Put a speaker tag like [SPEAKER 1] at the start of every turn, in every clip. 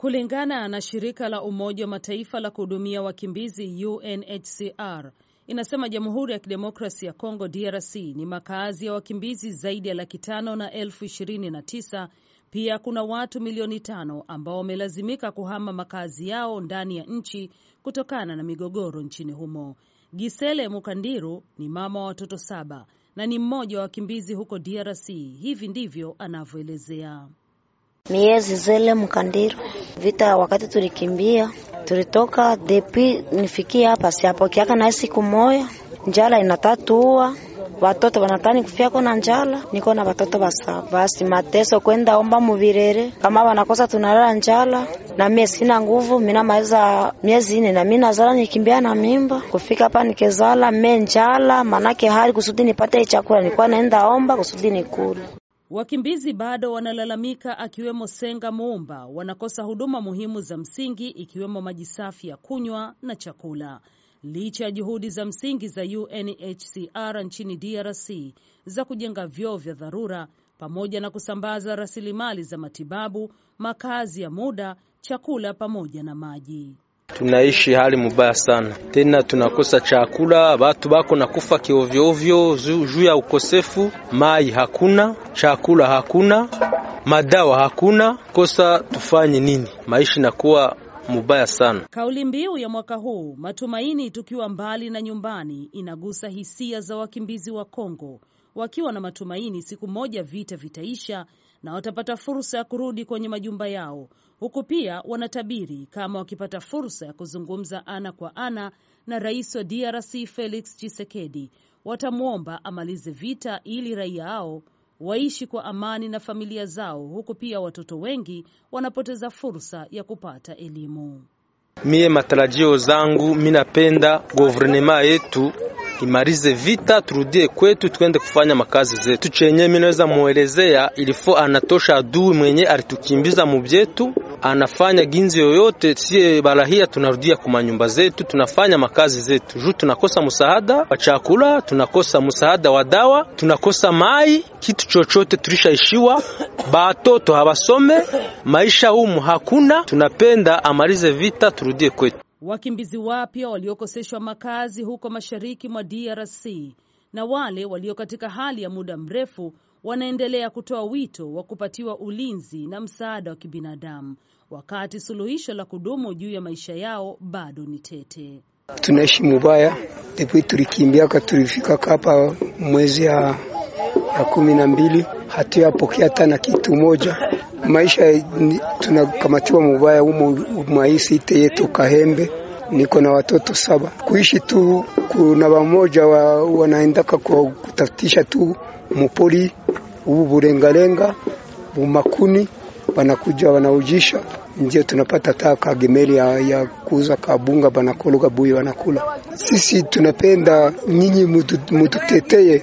[SPEAKER 1] Kulingana na shirika la Umoja wa Mataifa la kuhudumia wakimbizi UNHCR inasema Jamhuri ya Kidemokrasi ya Kongo DRC ni makaazi ya wakimbizi zaidi ya laki tano na elfu ishirini na tisa. Pia kuna watu milioni tano ambao wamelazimika kuhama makazi yao ndani ya nchi kutokana na migogoro nchini humo. Gisele Mukandiru ni mama wa watoto saba na ni mmoja wa wakimbizi huko DRC. Hivi ndivyo anavyoelezea
[SPEAKER 2] miezi zile mkandiro vita, wakati tulikimbia tulitoka depi nifikia hapa, siapokeaka na siku moya, njala inatatua watoto wanatani kufia kona njala, niko na watoto basa basi, mateso kwenda omba muvirere, kama wanakosa tunalala njala, na mie sina nguvu. mina namaliza miezi ine na mina zala nikimbia na mimba, kufika hapa nikezala me njala, manake hali kusudi nipate chakula, nikuwa naenda omba kusudi nikule
[SPEAKER 1] Wakimbizi bado wanalalamika, akiwemo Senga Muumba, wanakosa huduma muhimu za msingi ikiwemo maji safi ya kunywa na chakula licha ya juhudi za msingi za UNHCR nchini DRC za kujenga vyoo vya dharura pamoja na kusambaza rasilimali za matibabu, makazi ya muda, chakula pamoja na maji.
[SPEAKER 3] Tunaishi hali mubaya sana, tena tunakosa chakula, watu bako na kufa kiovyoovyo juu ya ukosefu mai, hakuna chakula, hakuna madawa, hakuna kosa. Tufanye nini? Maisha nakuwa mubaya sana.
[SPEAKER 1] Kauli mbiu ya mwaka huu matumaini tukiwa mbali na nyumbani inagusa hisia za wakimbizi wa Kongo wakiwa na matumaini siku moja vita vitaisha na watapata fursa ya kurudi kwenye majumba yao, huku pia wanatabiri kama wakipata fursa ya kuzungumza ana kwa ana na rais wa DRC Felix Tshisekedi, watamwomba amalize vita ili raia hao waishi kwa amani na familia zao, huku pia watoto wengi wanapoteza fursa ya kupata elimu.
[SPEAKER 3] Mie matarajio zangu, mi napenda guvernema yetu imarize vita, turudie kwetu, twende kufanya makazi zetu. Chenye minaweza muelezea ilifo, anatosha adui mwenye alitukimbiza mubyetu anafanya ginzi yoyote, sie balahia tunarudia kuma nyumba zetu, tunafanya makazi zetu, juu tunakosa msaada wa chakula, tunakosa msaada wa dawa, tunakosa mai, kitu chochote tulishaishiwa, batoto habasome maisha humu hakuna. Tunapenda amalize vita, turudie kwetu
[SPEAKER 1] wakimbizi wapya waliokoseshwa makazi huko mashariki mwa DRC na wale walio katika hali ya muda mrefu wanaendelea kutoa wito wa kupatiwa ulinzi na msaada wa kibinadamu wakati suluhisho la kudumu juu ya maisha yao bado ni tete.
[SPEAKER 4] Tunaishi mubaya depuis tulikimbiaka, tulifika hapa mwezi ya, ya kumi na mbili hatuyapokea hata na kitu moja maisha tunakamatiwa mubaya humo mwaisi ite yetu Kahembe. Niko na watoto saba kuishi tu, kuna wamoja wa, wanaendaka kwa kutafutisha tu mupoli huu burengarenga bumakuni, wanakuja wanaujisha, ndio tunapata taa kagemeli ya, ya kuuza kabunga, banakologa buyi wanakula sisi tunapenda nyinyi mututeteye,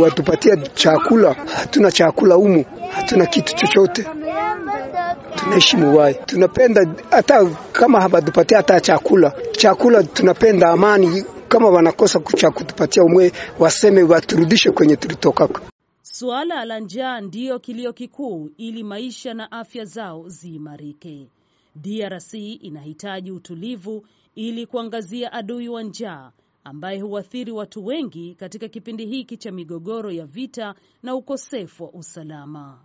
[SPEAKER 4] watupatia chakula. Hatuna chakula humu, hatuna kitu chochote tunaishi muwai, tunapenda hata kama hawatupatia hata chakula chakula, tunapenda amani. Kama wanakosa cha kutupatia umwe, waseme waturudishe kwenye tulitokako.
[SPEAKER 1] Suala la njaa ndiyo kilio kikuu, ili maisha na afya zao ziimarike. DRC inahitaji utulivu ili kuangazia adui wa njaa ambaye huathiri watu wengi katika kipindi hiki cha migogoro ya vita na ukosefu wa usalama.